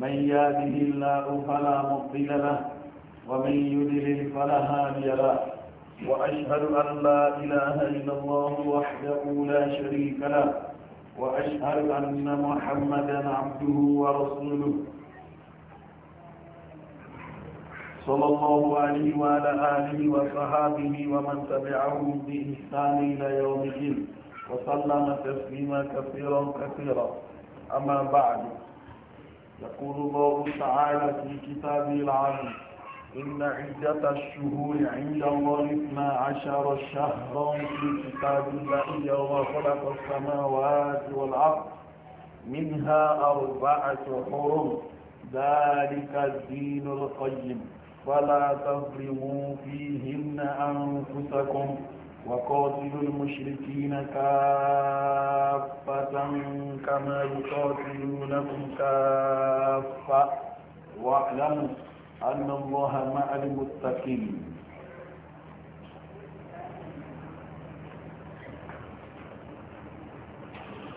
من يهده الله فلا مضل له ومن يضلل فلا هادي له وأشهد أن لا إله إلا الله وحده لا شريك له وأشهد أن محمدا عبده ورسوله صلى الله عليه وعلى آله وصحابه ومن تبعهم بإحسان إلى يوم الدين وسلم تسليما كثيرا كثيرا أما بعد يقول الله تعالى في كتابه العظيم إن عدة الشهور عند الله اثنا عشر شهرا في كتاب الله يوم خلق السماوات والأرض منها أربعة حرم ذلك الدين القيم فلا تظلموا فيهن أنفسكم وقاتلوا المشركين كافة كما يقاتلونكم كافة واعلموا أن الله مع المتقين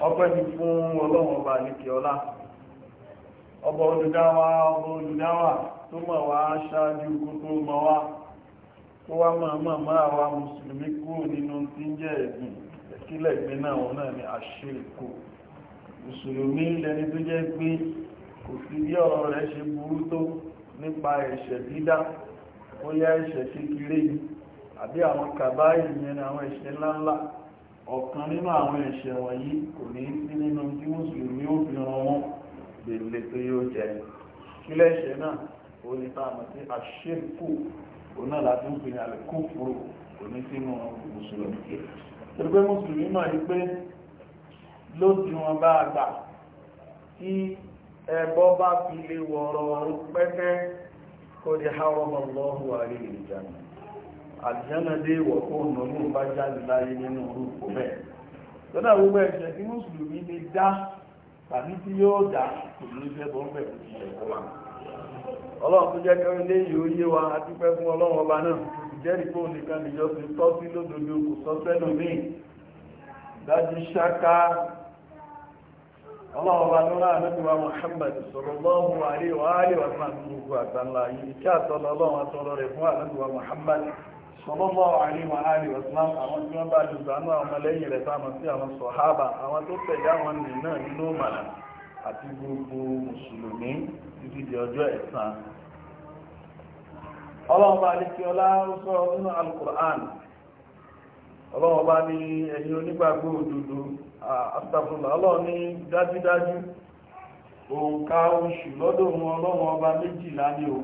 ọpẹ́ ni fún ọlọ́run ọba nìkẹ́ ọlá ọba olùdáwà ọba olùdáwà tó mọ̀ wá ṣáájú kó tó mọ̀ wá kó wá máa máa máa wá mùsùlùmí kúrò nínú tí ń jẹ́ na ìkílẹ̀ ìgbín náà wọn náà ni àṣírìkò mùsùlùmí lẹni tó jẹ́ pé kò sí bí ọ̀rọ̀ rẹ̀ ṣe burú tó nípa ẹ̀ṣẹ̀ dídá ó yá ẹ̀ṣẹ̀ kékeré yìí àbí àwọn ni àwọn ẹ̀ṣẹ̀ ńláńlá ọ̀kan nínú àwọn ẹ̀ṣẹ̀ wọ̀nyí kò ní sí nínú tí mùsùlùmí ó fi ran wọn gbèlè tó yóò jẹ ẹ̀ṣẹ̀ náà ó ní tá a òun náà láti ń pè ní alẹ́ kó fúru òní sínú mùsùlùmí kẹ torí pé mùsùlùmí mọ̀ yí pé lójú wọn bá gbà tí ẹbọ bá fi lè wọ̀rọ̀ pẹ́pẹ́ kó di háwọn ọmọ lọ́wọ́ àrí ìjànà àjẹ́nà dé ìwọ̀ kó nínú bá jáde láyé nínú orúkọ bẹ́ẹ̀ lọ́nà gbogbo ẹ̀ṣẹ̀ tí mùsùlùmí lè dá tàbí tí yóò dá kò ní fẹ́ bọ́ bẹ̀rù ti ẹ̀kọ́ wa ọlọ́run tó jẹ́ kẹrin lé yóò yé wa a dúpẹ́ fún ọlọ́run ọba náà jẹ́rìí pé nìkan nìjọ sí tọ́ sí lódodo kò sọ sẹ́nu mí dájú ṣáká ọlọ́run ọba lọ́la àmẹ́bíwá Muhammad sọ̀rọ̀ lọ́hùn àríwá àríwá fún àtúnkù àgbàlá yìí kí àtọ́lọ́ ọlọ́run àtọ́lọ́ rẹ̀ fún àmẹ́bíwá Muhammad sọlọ́lọ́ àríwá àríwá islam àwọn tí wọ́n bá jù sánú àwọn ọmọlẹ́yìn rẹ̀ sáàmù sí àwọn sọ̀hábà àwọn tó àti gbogbo mùsùlùmí títí di ọjọ́ ẹ̀san ọlọ́run bá ní kí ọlá sọ nínú alukur'an bá ní ẹ̀yin onígbàgbọ́ òdòdó àtàkùnlá ọlọ́run ní dájúdájú òǹkà oṣù lọ́dọ̀ ọba tọ́lọ̀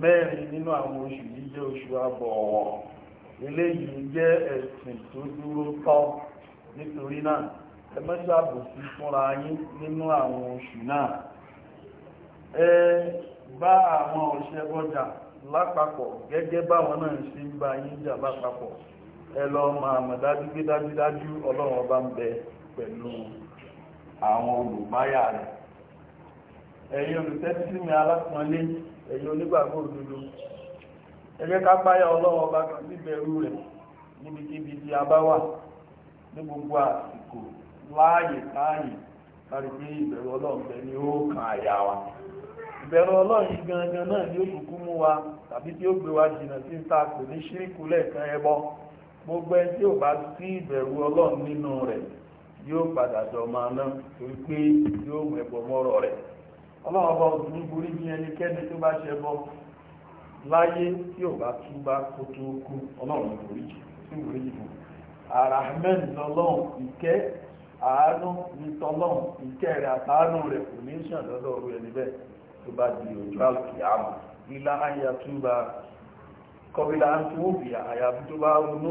mẹ́rin nínú àwọn oṣù yìí jẹ́ oṣù eléyìí jẹ́ ẹ̀sìn tó dúró tọ́ nítorí náà ẹ má ṣàbòsí fúnra yín nínú àwọn oṣù náà ẹ bá àwọn ọ̀ṣẹ́ bọ́jà lápapọ̀ gẹ́gẹ́ báwọn náà ṣe ń bá yín jà lápapọ̀ ẹ lọ máa mọ̀ dájú pé dájúdájú ọlọ́run ọba ń bẹ pẹ̀lú àwọn olùbáyà rẹ̀ ẹ̀yin olùtẹ́sí mi alápọ̀nlé ẹ̀yin onígbàgbọ́ òdodo ẹgbẹ́ ká ọlọ́wọ́ ọba kan níbẹ̀rù rẹ̀ níbikíbi tí a bá wà ní gbogbo àsìkò láàyè láàyè láti pé ìbẹ̀rù ọlọ́run bẹ ni ó kan àyà wa ìbẹ̀rù ọlọ́run yìí gangan náà wa tàbí tí ó gbé wa sí ta pè ní ṣíríkù lẹ́ẹ̀kan ẹbọ gbogbo tí ò bá sí ìbẹ̀rù ọlọ́run nínú rẹ̀ torí pé yóò mọ́rọ̀ rẹ̀ ọlọ́run ọba ní ẹnikẹ́ni tó bá láyé tí ò bá tún bá kó tó kú ọlọ́run ìforíjì sí lọ́lọ́run ìkẹ́ àánú ní tọ́lọ́run ìkẹ́ rẹ̀ àtàánú rẹ̀ kò ní ṣàn tó bá di ọjọ́ àlùkìyàmù ilá àyà tún bá kọbílá ń tún òbí tó bá ronú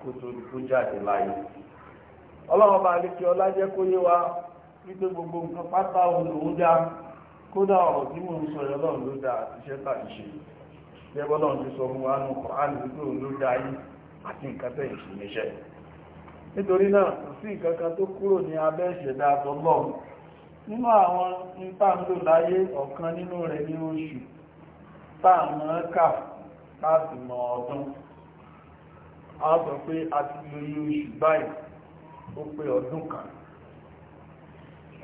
kó tó kó jáde láyé ọlọ́run bá lè kí ọlá jẹ́ kó yé wa wípé gbogbo nǹkan pátá òun kódà ọ̀rọ̀ tí mo ń sọ ọlọ́run ló dá iṣẹ́ tà ìṣe lẹ́gbọ́lọ́run ti sọ fún wa nù Kùránì wípé ló dá yìí àti nǹkan tẹ̀ ìṣìníṣẹ́ nítorí náà kò sí nǹkan kan tó kúrò ní abẹ́ ìṣẹ̀dá àtọ́lọ́run nínú àwọn ìtàǹdò láyé ọ̀kan nínú rẹ̀ ní oṣù láti mọ ọdún a sọ pé a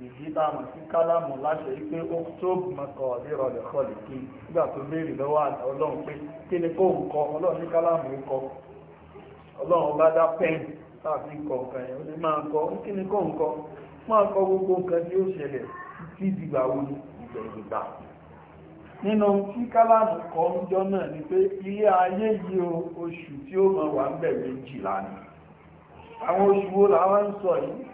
dìdí tá a mọ̀ sí kálámù láṣẹ pé ó tó mọ̀kọ́ ìrọ̀ lè kọ́ lè kí nígbà tó béèrè lọ́wọ́ ọlọ́run pé kí ni kó ń kọ ọlọ́run ní kálámù ń kọ ọlọ́run bá dá pẹ́ẹ́n tàbí kọ nǹkan yẹn ó ní máa kọ kí ni kó ń kọ máa kọ gbogbo nǹkan tí ó ṣẹlẹ̀ títí dìgbà wo ni ìgbẹ̀yìngbà nínú tí kálámù kọ ń jọ náà ni pé ilé ayé yìí o oṣù tí ó mọ wà ń bẹ̀ méjìlá ni àwọn oṣù wo làwọn ń sọ yìí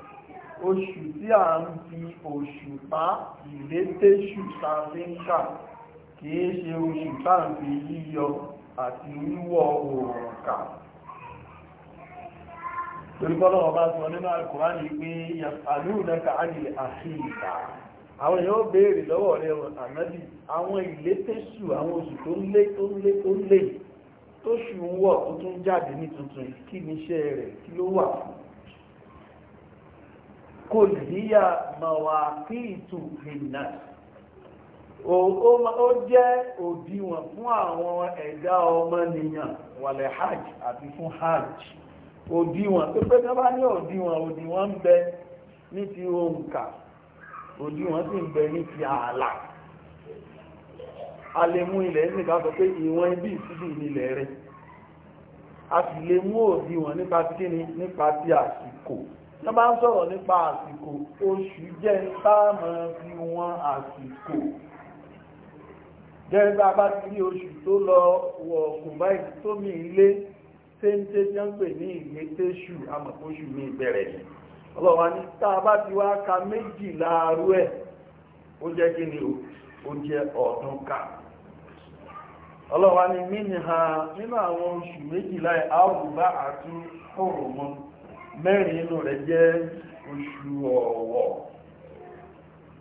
oṣù tí a ń fi òṣùpá ìlétẹ́ṣù sàfíńkà kìí ṣe oṣù tá ń fi yíyọ àti wíwọ̀ oòrùn kà torí bọ́lá sọ nínú alkùnrin pé àlúùdẹ́ka ánìlẹ̀ àṣíìta àwọn èèyàn béèrè lọ́wọ́ rẹ̀ ànábì àwọn ìlétẹ́ṣù àwọn oṣù tó lé tó lé tó lé tó ṣù ń wọ̀ tó tún jáde ní tuntun kí níṣẹ́ rẹ̀ kí ló wà fún kul hiya mawaqitu linnas ó jẹ́ òdiwọ̀n fún àwọn ẹ̀dá ọmọnìyàn wàlẹ̀ hajj àti fún hajj òdiwọ̀n tó pé tán bá ní òdiwọ̀n òdiwọ̀n ń bẹ ní ti òǹkà òdiwọ̀n sì ń bẹ ní ti ààlà a lè mú ilẹ̀ nígbà sọ pé ìwọ̀n ibi ìsìdì nílẹ̀ rẹ̀ a sì lè mú òdiwọ̀n nípa ti kíni nípa ti àsìkò tó bá ń sọ̀rọ̀ nípa àsìkò oṣù jẹ́ táàmù fi wọn àsìkò jẹ́ bá bá ti rí oṣù tó lọ wọ̀ kùnbá ìtómi ilé téńté tí wọ́n pè ní ìgbésẹ̀ṣù amọ̀kóṣù ní ìbẹ̀rẹ̀ yìí ọlọ́wà ní tá a bá ti wá ka méjì láàárú ẹ̀ ó jẹ́ kí ni ó jẹ́ ọ̀dún ká ọlọ́wà ní mínìhà nínú àwọn oṣù méjìlá ẹ̀ áwùbá àti òrùmọ́ mẹ́rin inú rẹ̀ jẹ́ oṣù ọ̀wọ̀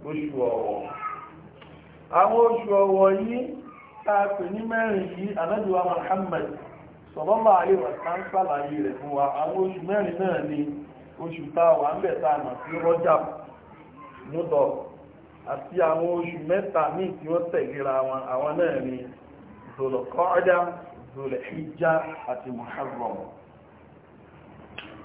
oṣù ọwọ àwọn oṣù ọ̀wọ̀ yìí tààpẹ̀ ní mẹ́rin yìí anájúwa Muhammad sallallahu alaihi wasallam ṣàlàyé rẹ̀ fún wa àwọn oṣù mẹ́rin náà ni oṣù táwà ń bẹ̀ táàmà sí rọ́jà múdọ̀ àti àwọn oṣù mẹ́ta míì tí ó tẹ̀lera wọn àwọn náà ni zolokọ́ọ́dá àti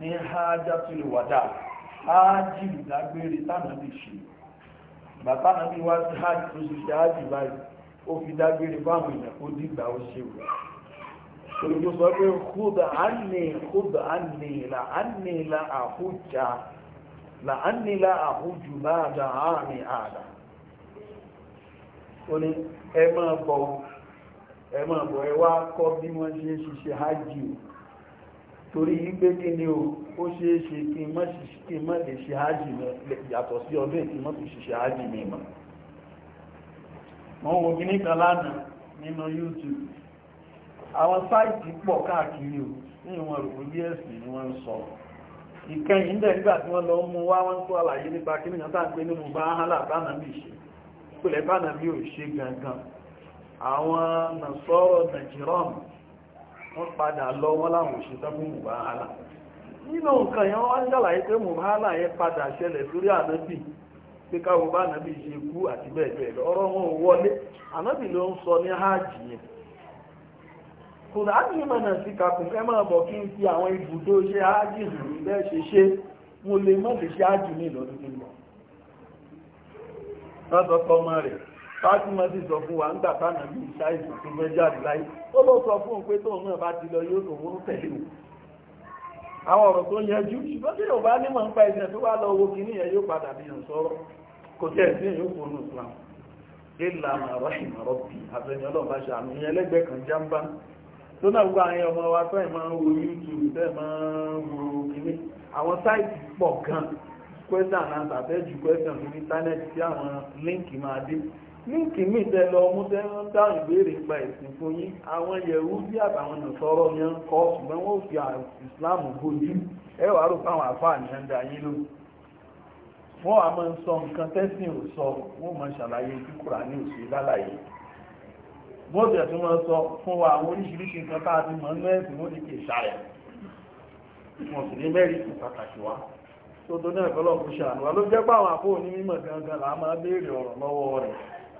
ní hajjatul wada hajji lágbére tánàbí ṣe bàtánàbí wá sí hajji tó ṣe hajji báyìí ó fi dágbére báwọn èèyàn ó dìgbà ó ṣe wù olùdó sọ pé kúdà ánì kúdà ánì là ánì là àhújà là ánì là àhújù máa dà áàmì àdà ó ní ẹ bọ̀ ẹ kọ́ bí wọ́n ṣe ń ṣiṣẹ́ torí wípé kí ni o ó ṣe é ṣe kí má lè ṣe ájì mọ́ yàtọ̀ sí ọdún ìtí mọ́ fi ṣiṣẹ́ ájì mi mọ́ wọ́n wo kan lánàá nínú YouTube àwọn sáìtì pọ̀ káàkiri o ní ìwọ̀n rò bí ẹ̀sìn ni wọ́n ń sọ ìkẹyìn dẹ̀ nígbà tí wọ́n lọ mú wá wọ́n tó àlàyé nípa táà pé nínú gangan àwọn nàṣọ́rọ̀ nàìjíríà wọ́n padà lọ wọ́n láwọn òṣìṣẹ́ fún mùbáhálà nínú nǹkan yẹn wọ́n ṣàlàyé pé mùbáhálà yẹn padà ṣẹlẹ̀ sórí ànábì pé káwọn bá ànábì ṣe kú àti bẹ́ẹ̀ bẹ́ẹ̀ ọ̀rọ̀ wọn ò wọlé ànábì ló ń sọ ní hajj fátímọ̀ sì sọ fún wa ń gbàtà náà bí láyé ó sọ fún un ti lọ yóò tó wọ́n tẹ̀lé o àwọn ọ̀rọ̀ tó yẹjú ṣùgbọ́n tí yóò bá nímọ̀ ń pa tó wá lọ owó kìíní yẹn yóò padà bí yàn kò sí yóò Islam kan jámbá tó náà ọmọ wa fẹ́ máa ń wo YouTube fẹ́ máa ń wo kìíní àwọn sáìtì pọ̀ gan líǹkì míì tẹ lọ mú tẹ ń dáhùn ìbéèrè gba ìsìn fún yín àwọn yẹ̀wù bí àtàwọn nàṣọ́rọ̀ yẹn ń kọ́ ṣùgbọ́n wọ́n fi ìsìláàmù bójú ẹ wàá rò fáwọn àfáà ní ẹ̀ńdà yín ló wọ́n a máa ń sọ nǹkan tẹ́sìn ò sọ wọ́n máa ṣàlàyé tí Kùránì ò sí lálàyé wọ́n tẹ̀ tí wọ́n sọ fún wa àwọn oríṣiríṣi nǹkan tá a ti mọ̀ nínú ẹ̀sìn wọ́n ti kè ṣàrẹ̀ wọ́n sì ní mẹ́rin kù pàtàkì wa tó tó náà kọ́lọ́ kò ṣàánú wa ló jẹ́ pé àwọn àfóòní mímọ̀ gangan là á máa béèrè ọ̀rọ̀ lọ́wọ́ rẹ̀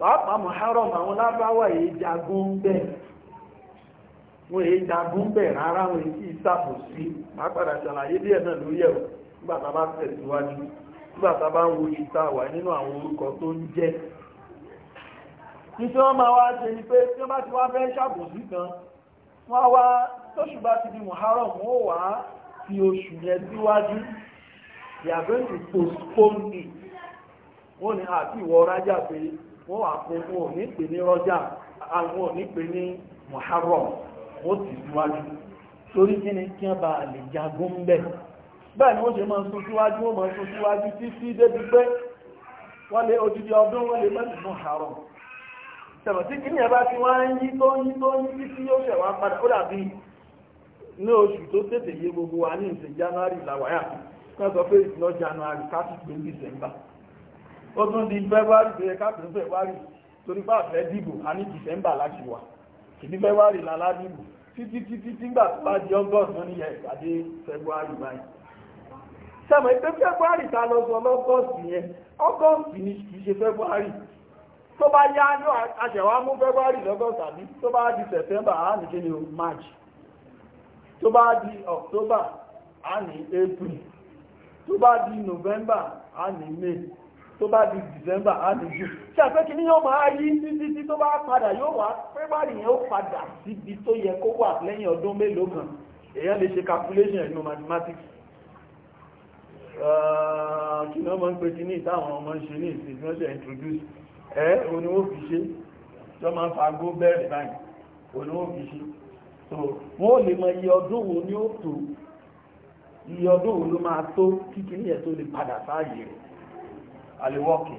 pàápàá muharram àwọn lábáwà èyí jagun bẹ̀ wọ́n èyí jagun rárá wọn èyí sí sí máa ṣàlàyé díẹ̀ náà lórí ẹ̀rọ nígbàtà bá tẹ̀síwájú nígbàtà bá ń wo ìta wà nínú àwọn orúkọ tó ń jẹ́ ní tí wọ́n máa wá ṣe ni pé tí wọ́n bá ti wá fẹ́ ṣàbòsí kan wọ́n wá tóṣù bá ti di postpone it wọ́n ní àti ah, ìwọ rájà pé wọ́n wà fún wọn ní pè ní rọ́jà àwọn pè ní ó ti síwájú torí kí ni kí wọ́n bá lè jagun bẹ́ẹ̀ bẹ́ẹ̀ ni ṣe máa síwájú wọ́n lé odidi ọdún wọ́n lè mẹ́rin tí kí ní ẹ̀bá tí wọ́n ń yí tó yí tó yí títí ó ṣẹ̀ wá padà ó gbogbo wa ní January làwáyà sọ pé January ó tún di february tó yẹ february torí bá dìbò a ní december láti wà ìdí february lálá dìbò títí títí tígbà tó bá di august wọn níyẹ ìpàdé february báyìí sẹ́mọ̀ ìpé february ta lọ sọ lọ́gọ́st yẹn august ni ṣe february tó bá yá ní àṣẹwà mú february lọ́gọ́st àbí tó bá di september ní march tó bá di tó bá di december á ní jù tí àfẹ́kì ní yóò máa yí títí tí tó bá padà yóò wá february yẹn ó padà síbi tó yẹ kó wà lẹ́yìn ọdún mélòó kan èèyàn lè ṣe calculation ẹ̀nu mathematics kí ni wọ́n máa ń pè sí ìtàwọn ọmọ ń ṣe ní ìsìn wọ́n ṣe introduce ẹ́ òní ó fi ṣe tí wọ́n máa ń fagó bẹ́ẹ̀rẹ̀ báyìí òní fi ṣe so wọ́n ò lè mọ iye ọdún wo ni ó tó iye ọdún wo ló máa tó kíkiri yẹn tó lè padà sáàyè rẹ̀ aliwọ́kì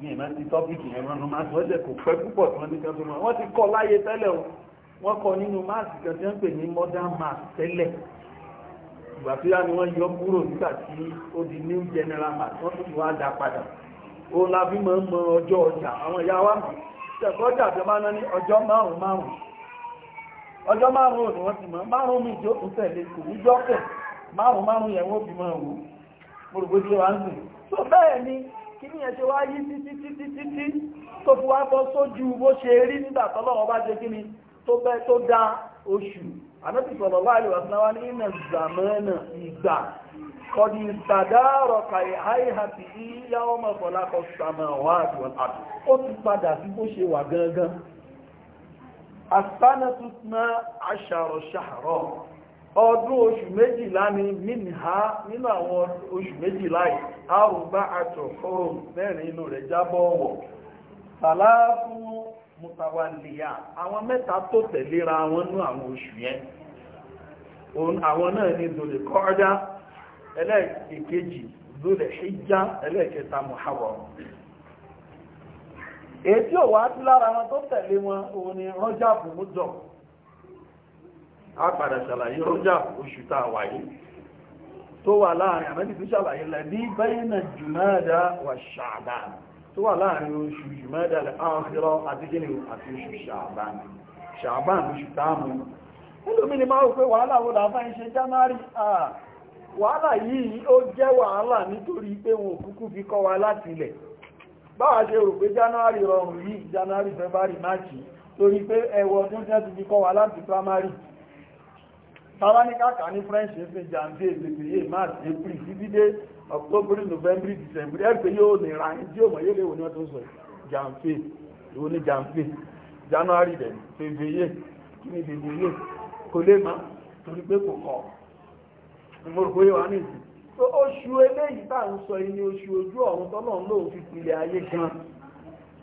ní ìmọ̀ ti tọ́pìkì ẹ̀rọ ọ̀nà máa wọ́n jẹ́ kò pẹ́ púpọ̀ tí wọ́n ní kan tó wọ́n ti kọ́ láyé tẹ́lẹ̀ wọ́n nínú máàsì kan tí wọ́n pè ní modern tẹ́lẹ̀ ni wọ́n yọ kúrò nígbà general wọ́n tún wá dá padà la ń mọ ọjọ́ ọjà àwọn ìyá wa mọ̀ tó máa ná ní ọjọ́ márùn-ún márùn gbogbo tí wọ́n ń sìn tó bẹ́ẹ̀ ni kí ní ẹ̀ṣẹ́ wá yí títí títí títí tó fi wá bọ́ sójú bó ṣe rí nígbà tọ́lọ́wọ́ bá ṣe kí ni tó bẹ́ tó dá oṣù àmẹ́tì sọ̀rọ̀ láàrin wàsínáwá ní ìnà zàmẹ́nà ìgbà kọ̀dí ìsàdárọ̀ kàì àìhàtì ìyá ọmọ ọ̀pọ̀lá kọ sàmàwà ọdún oṣù méjìlá ni mínìhá nínú àwọn oṣù méjìlá yìí a ò bá àtọ̀ fóòrùn mẹ́rin inú rẹ̀ jábọ́ ọ̀wọ̀ tàlàfù mùtàwàlìyà àwọn mẹ́ta tó tẹ̀léra wọn nú àwọn oṣù yẹn àwọn náà ni dòlè kọ́ọ́dá ẹlẹ́ẹ̀kejì dòlè hijjá ẹlẹ́ẹ̀kẹta muharram èyí tí ò wá sí lára wọn tó tẹ̀lé wọn òun ni rọ́jà bùmúdọ̀ a padà ṣàlàyé ọjà oṣù tá a wà yìí tó wà láàrin àmẹ́bí tó ṣàlàyé lẹ́bí bẹ́yìnà jùmọ́dá wà ṣàbá tó wà láàrin oṣù jùmọ́dá lẹ́kànfẹ́rọ àti gínú àti oṣù ṣàbá ṣàbá oṣù táàmù nílùmí ni máa rò wàhálà wọ́n dáfá ń ṣe jánárì wàhálà yìí ó jẹ́ wàhálà nítorí pé wọn ò kúkú fi kọ́ wa láti ilẹ̀ báwa ṣe rò pé jánárì rọrùn yìí jánárì february march torí pé ẹwọ ọdún tí wọ́n ti fi kọ́ wa láti primary tàbá ní káàkà ní french fún jàǹdé lèpèyé march april fífídé october november december ẹgbẹ́ yóò ní ra ẹni tí ó mọ̀ yóò léwo ní wọ́n tó sọ jàǹfé ìwọ ní jàǹfé january dẹ̀ fèvèyé kí ni fèvèyé kò lè má torí pé kò kọ́ ìmọ̀rùkú yóò wá ní ìsìn oṣù eléyìí tá à ń sọ yìí ni oṣù ojú ọ̀run tọ́lọ́ ń lò fi pilẹ̀ ayé gan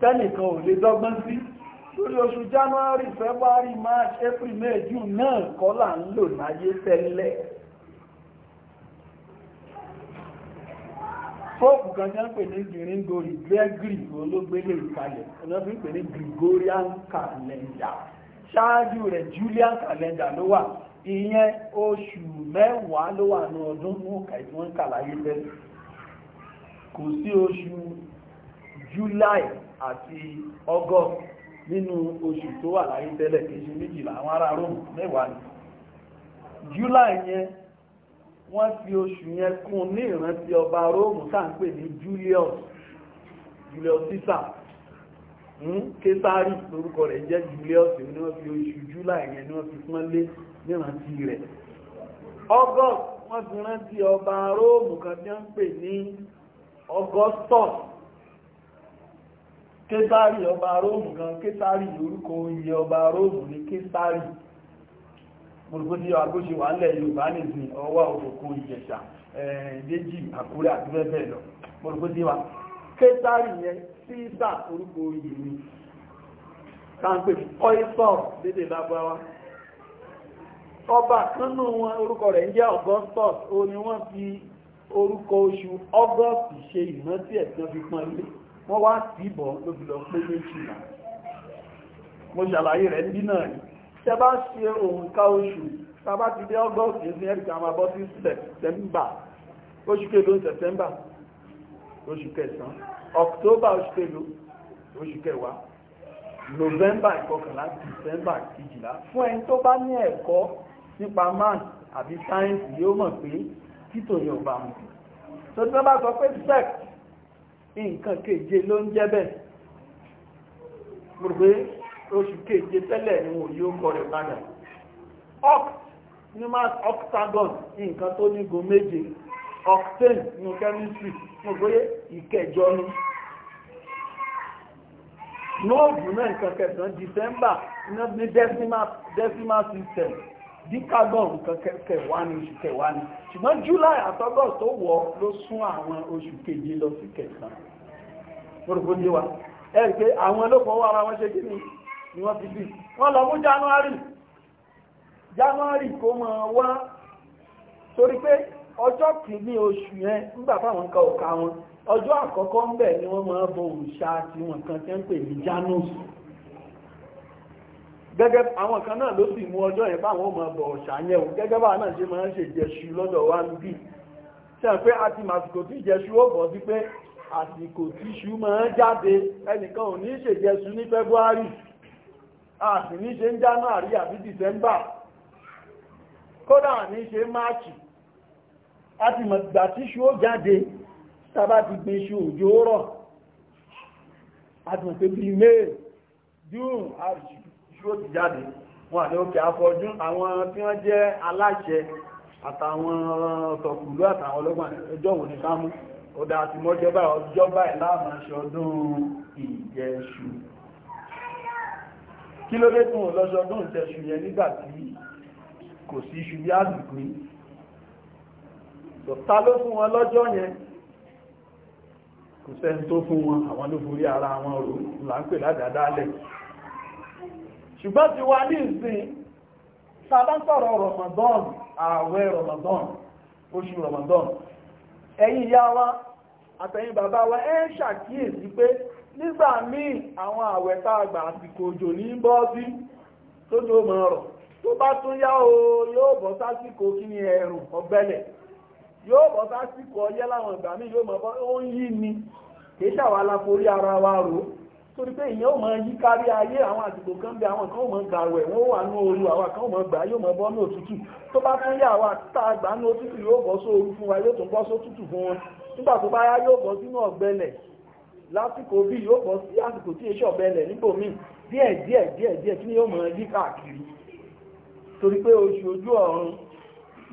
tẹ́nìkan ò lè dọ́gbọ́n sí lórí oṣù january february march april may june náà kọ́ là ń lò láyé tẹ́lẹ̀ fóòkù kan jẹ́ ń pè ní gíríngorì gregory olóògbélé gregorian calendar ṣáájú rẹ̀ julian calendar ló wà ìyẹn oṣù mẹ́wàá ló wà ní ọdún mú kàìtí wọ́n kà láyé tẹ́lẹ̀ kò sí oṣù nínú oṣù tó wà láyé tẹ́lẹ̀ kejì méjìlá àwọn ará Rome mẹ́wàá ni July yẹn wọ́n fi oṣù yẹn kún ní ìrántí ọba Rome tá à ń pè ní Julius Julius Caesar késárì hmm, lórúkọ rẹ̀ jẹ́ Julius ni wọ́n fi oṣù July yẹn ni wọ́n fi pọ́n lé nírántí rẹ̀ August wọ́n fi rántí ọba Rome kan tí wọ́n pè ní Augustus késárì ọba róòmù gan késárì lórúkọ oyè ọba róòmù ní késárì gbogbo tí agbóṣe wà lẹ̀ yorùbá nìsín ọwọ́ òkòkò ìjẹ̀ṣà ẹ̀ẹ́dẹ́jì àkúrẹ́ àti bẹ́ẹ̀ bẹ́ẹ̀ lọ gbogbo tí wa késárì yẹn sísà orúkọ oyè ni káńpé kọ́ìsọ̀ dédé lágbáwá ọba kánú wọn orúkọ rẹ̀ ń jẹ́ augustus ó ní wọ́n fi orúkọ oṣù august ṣe ìrántí ẹ̀sán fi pọ́n ilé wọ́n wá tìbọ̀ lóbìlọ pé méjìlá mo ṣàlàyé rẹ̀ ní náà ni tẹ bá ṣe òǹkà oṣù tàbá ti dé august ní ẹ̀ríkà máa bọ́ sí september oṣù kèlò september oṣù kẹsàn october oṣù kèlò oṣù kẹwàá november ìkọkànlá december ìkejìlá fún ẹni tó bá ní ẹ̀kọ́ nípa man àbí sáyẹ́ǹsì yóò mọ̀ pé títò yóò bá mú tó tí bá sọ pé sex nǹkan keje ló ń jẹ́ bẹ́ẹ̀ gbogbo oṣù keje tẹ́lẹ̀ ni wọ́n yóò kọ rẹ̀ padà oct numerous octagon nǹkan tó nígun méje octane ní chemistry gbogbo ìkẹjọ ni nóòbù náà nǹkan kẹsàn-án december ní decimal system bí kan nǹkan kẹwàá ní oṣù kẹwàá ní ṣùgbọ́n july àtọ́gọ̀ tó wọ̀ ló sún àwọn oṣù keje lọ sí kẹsàn-án orúkọ ní wa ẹ̀rì pé àwọn olóòpọ̀ wà ara wọn ṣe kí ni ni wọ́n fi bí wọ́n lọ mú january january kó mọ̀ wá torí pé ọjọ́ kìíní oṣù yẹn nígbà táwọn kan ò wọn ọjọ́ àkọ́kọ́ ń bẹ̀ ni wọ́n máa bọ òrìṣà tí wọ́n kan tẹ́ ń pè ní janus gẹ́gẹ́ àwọn kan náà ló sì mú ọjọ́ yẹn báwọn ọmọ ọbọ̀ ṣàyẹ̀wò gẹ́gẹ́ bá náà ṣe máa ń ṣe jẹṣu lọ́dọ̀ wa ń bì ṣe pé a ti màsìkò tí jẹṣu ó bọ̀ sí pé àsìkò tí ṣu máa ń jáde ẹnìkan ò ní ṣe jẹṣu ní February a sì ní ṣe ń January àbí December kódà ní ṣe March a ti mọ̀ gbà tí ṣu ó jáde sábà ti gbin ṣu òjò rọ̀ a ti mọ̀ pé bíi May June àrùjù stroke jáde wọ́n àti òkè afọ́jú àwọn tí wọ́n jẹ́ aláṣẹ àtàwọn ọ̀tọ̀kùlú àtàwọn ọlọ́gbà ẹjọ́ wò ní sámú ọ̀dá àti mọ́jọ́ báyìí ọjọ́ báyìí láàmàṣẹ́ ọdún ìjẹṣù kí ló dé tún ọlọ́ṣọdún ìjẹṣù yẹn nígbà tí kò sí iṣu bí àdùkú ta ló fún wọn lọ́jọ́ yẹn kò sẹ́ni tó fún wọn àwọn ló forí ara wọn rò là ń pè ládàá dálẹ̀ ṣùgbọ́n ti wá ní ìsìn sábá sọ̀rọ̀ Ramadan ààwẹ̀ Ramadan oṣù Ramadan ẹ̀yin ya wa àtẹ̀yin bàbá wa ẹ ń ṣàkíyèsí pé nígbà míì àwọn ààwẹ̀ tá a gbà àsìkò òjò ní bọ́ sí tó tó mọ̀ ọ̀rọ̀ tó bá tún yá o yóò bọ́ sásìkò kí ni ẹ̀rùn ọ̀gbẹ́lẹ̀ yóò bọ́ sásìkò ọyẹ́ láwọn ìgbà míì yóò mọ̀ bọ́ ó ń yí ni kì í ṣàwálà forí ara wa rò ó torí pé ìyẹn ò máa yí kárí ayé àwọn àdìgbò kan bí àwọn kan ò máa gbà wẹ̀ wọ́n wà ní ooru àwa kan ò máa gbà yóò máa bọ́ ní òtútù tó bá tún yà wá tá a gbà ní òtútù yóò bọ́ sóoru fún wa yóò tún bọ́ sótútù fún wọn nígbà tó bá yá yóò bọ́ sínú ọ̀gbẹlẹ̀ lásìkò bí yóò bọ́ sí àsìkò tí èso ọ̀gbẹlẹ̀ níbòmíì díẹ̀ díẹ̀ díẹ̀ díẹ̀ kí ni yóò máa yí káàkiri torí pé oṣù ojú ọ̀run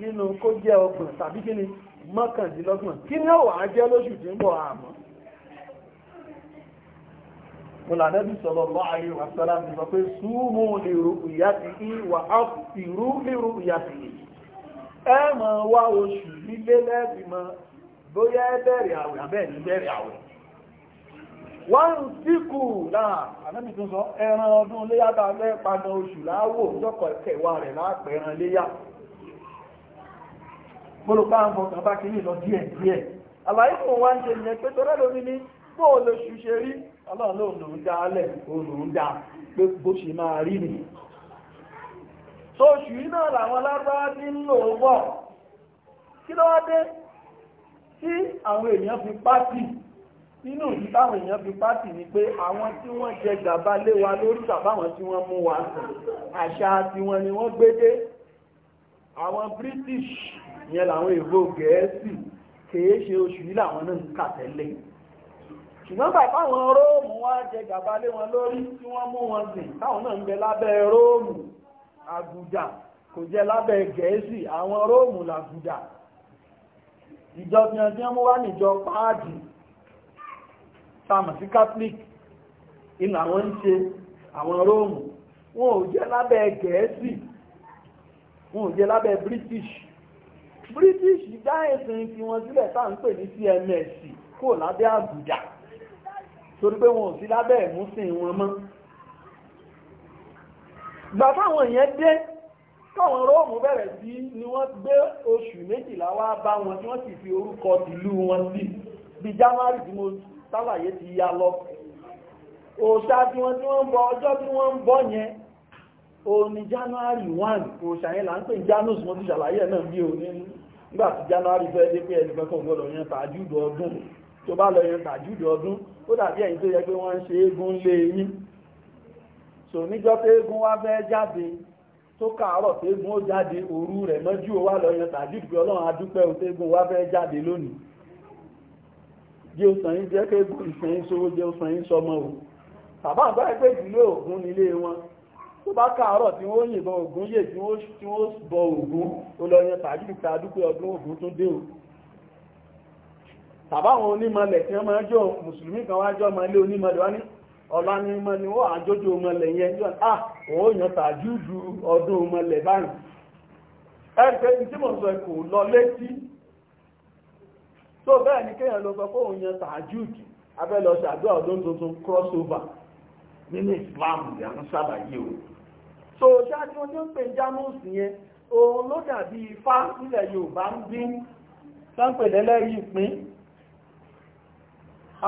nínú kó jẹ́ ọgbọ̀n tàbí kí ni mọ́kàndínlọ́gbọ̀n kí ni ó wàá jẹ́ lóṣù tí ń bọ̀ àmọ́ Fọ́lànẹ́bí sallallahu alaihi wa sallam sọ pé súnmù li ru'yatihi wà á fi rú li ru'yatihi. Ẹ mọ̀ wá oṣù lílé lẹ́bí mọ́ bóyá ẹ bẹ̀rẹ̀ àwẹ̀ àbẹ́ẹ̀ ní bẹ̀rẹ̀ àwẹ̀. Wọ́n tí kù náà, ànábì tún sọ, ẹran ọdún léyá bá fẹ́ paná oṣù láwò lọ́kọ̀ kẹwàá ọlọ́run tí àwọn èèyàn fi pátì nínú ìdí èèyàn fi pátì ni pé àwọn tí wọ́n jẹ gàba lé lórí tàbáwọn tí wọ́n mú wa àṣà tiwọn ni wọ́n gbé àwọn British yẹn làwọn èèbó gẹ̀ẹ́sì kèé ṣe oṣù yìí làwọn náà ń ṣùgbọ́n bàbá àwọn róòmù wá jẹ gàba lé wọn lórí tí wọ́n mú wọn sìn táwọn náà ń bẹ lábẹ́ róòmù àgùdà kò jẹ lábẹ́ gẹ̀ẹ́sì àwọn róòmù làgùdà ìjọ tí wọ́n mú wá níjọ páàdì sáàmù catholic ìlà àwọn ń ṣe àwọn róòmù wọn ò jẹ lábẹ́ gẹ̀ẹ́sì wọn ò jẹ lábẹ́ british british dá ẹ̀sìn tí wọ́n sílẹ̀ tá à ń pè ní cms kò lábẹ́ àgùdà torí pé wọn ò sí lábẹ́ ìmúsìn wọn mọ́ gbà táwọn èèyàn dé káwọn róòmù bẹ̀rẹ̀ sí ni wọ́n gbé oṣù méjìlá wá bá wọn tí wọ́n sì fi orúkọ tìlú wọn sí bí january tí mo sálàyé ti ya lọ òòṣà tí wọ́n tí wọ́n ń bọ ọjọ́ tí wọ́n ń bọ yẹn o ni january 1 òòṣà yẹn là ń pè janus mo ti ṣàlàyé náà bí o ní nígbà tí january fẹ́ dé pé ẹnìkan kan gbọ́dọ̀ yẹn tàjúdù ọdún tó bá lọ yẹn tàjúdù ọdún ó dàbí ẹ̀yin tó yẹ pé wọ́n ń ṣe eégún lé yín so níjọ́ pé eégún wá fẹ́ jáde tó kàárọ̀ tó eégún ó jáde òru rẹ̀ mọ́jú ó wá lọ yan tàbí ìgbé ọlọ́run adúpẹ́ ó tó eégún wá fẹ́ jáde lónìí jẹ́ òsàn yín jẹ́ pé ìsàn yín sówó jẹ́ òsàn yín sọmọ o bàbá àgbà ẹgbẹ́ ìdílé Ògún nílé wọn tó bá kàárọ̀ tí wọ́n yìnbọn Ògún yè tí wọ́n bọ Ògún ó lọ yan tàbí ìgbé adúpẹ́ ọdún Ògún tún dé o tàbáwọn onímọ̀lẹ̀ tí wọ́n máa jọ mùsùlùmí kan wájọ́ ọmọ ilé onímọ̀lẹ̀ wọ́n ní ní mọ́ ni wọ́n àjọjọ ọmọlẹ̀ yẹn jọ à òun yàn tàjújù ọdún ọmọlẹ̀ báyìí ẹ̀ẹ́dẹ́gbẹ́ tí mo sọ kò lọ létí tó bẹ́ẹ̀ ni kéèyàn lọ sọ pé òun crossover nínú Islam ìyàwó sábà yìí o so ṣáájú ọjọ́ pé Jamus yẹn òun ló dàbí ifá nílẹ̀ Yorùbá ń bí sáńpẹ̀lẹ́lẹ́ yìí pín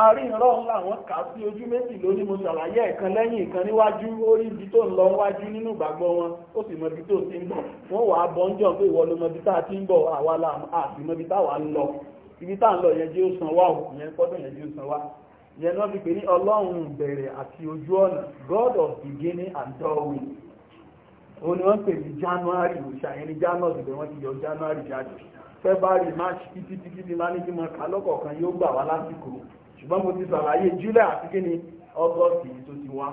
àríyànrọ́ ńlá wọn kà sí ojú méjì lónìí mo ṣàlàyé ẹ̀kan lẹ́yìn ìkan níwájú orí ibi tó ń lọ wájú nínú ìgbàgbọ́ wọn ó sì mọ tó ti ń bọ̀ wọ́n wàá bọ́ ń jọ pé ìwọ ló ti ń bọ̀ la àti ń lọ ibi tá ń lọ yẹn jẹ́ ó san wá òkú yẹn yẹn jẹ́ ó God of beginning and òun ni wọ́n pè ní January March ṣùgbọ́n mo ti sàlàyé july àti kíni august yìí tó ti wá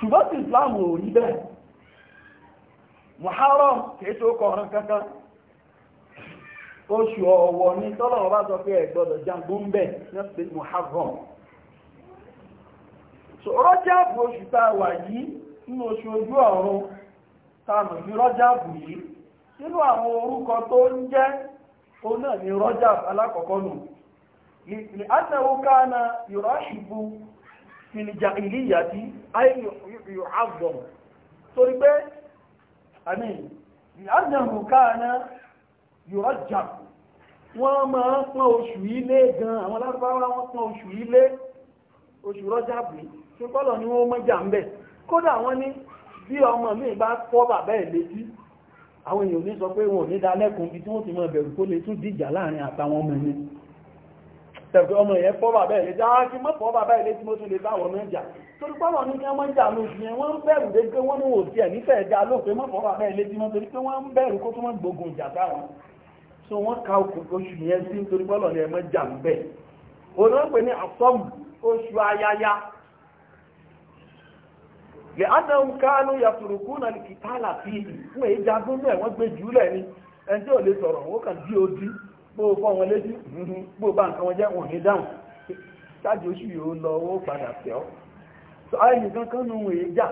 ṣùgbọ́n tí islam ò rí bẹ́ẹ̀ muharram kìí tó kọ ọ̀ràn kankan oṣù ọ̀wọ̀ ní sọ pé ẹ̀gbọ́dọ̀ so rọ́jàbù oṣù tá wà yìí nínú oṣù ojú ọ̀run yìí nínú àwọn orúkọ tó ń jẹ́ لأنه كان يرحب في الجاهلية أي يعظم تربى أمين لأنه كان يرجب wọ́n máa pọ́n oṣù ilé gan-an àwọn lárúbáwá wọ́n pọ́n oṣù ilé oṣù rọ́jàbì tí kọ́lọ̀ ni wọ́n mọ́jà ń bẹ̀ kódà àwọn èèyàn ní sọ pé wọn ní dá bí tí wọ́n ti mọ bẹ̀rù kó lè tún dìjà láàrin àtàwọn ọmọ ẹni tẹ̀fẹ́ ọmọ ìyẹn fọ́ bàbá ilé tí a kí mọ́ fọ́ bàbá ilé tí mo tún lè báwọn náà jà torí pọ́lọ̀ ní kí wọ́n jà ló fi yẹn wọ́n ń bẹ̀rù dé pé wọ́n ní wò sí ẹ̀ nífẹ̀ẹ́ dá lóòpẹ́ mọ́ fọ́ bàbá ilé tí mo torí pé wọ́n ń bẹ̀rù kó tó mọ́ gbógun jà sáwọn so wọ́n ka oṣù yẹn sí nítorí pọ́lọ̀ ní ẹ̀mọ́ jà ń bẹ̀ òun náà pè ní àsọ́mù oṣù bó o fọ́ wọn létí bó o bá nǹkan wọn jẹ́ wọn ní dáhùn ṣáàjì oṣù yóò lọ owó padà tẹ̀ so ayé nìkan kan nù wọ́n èjà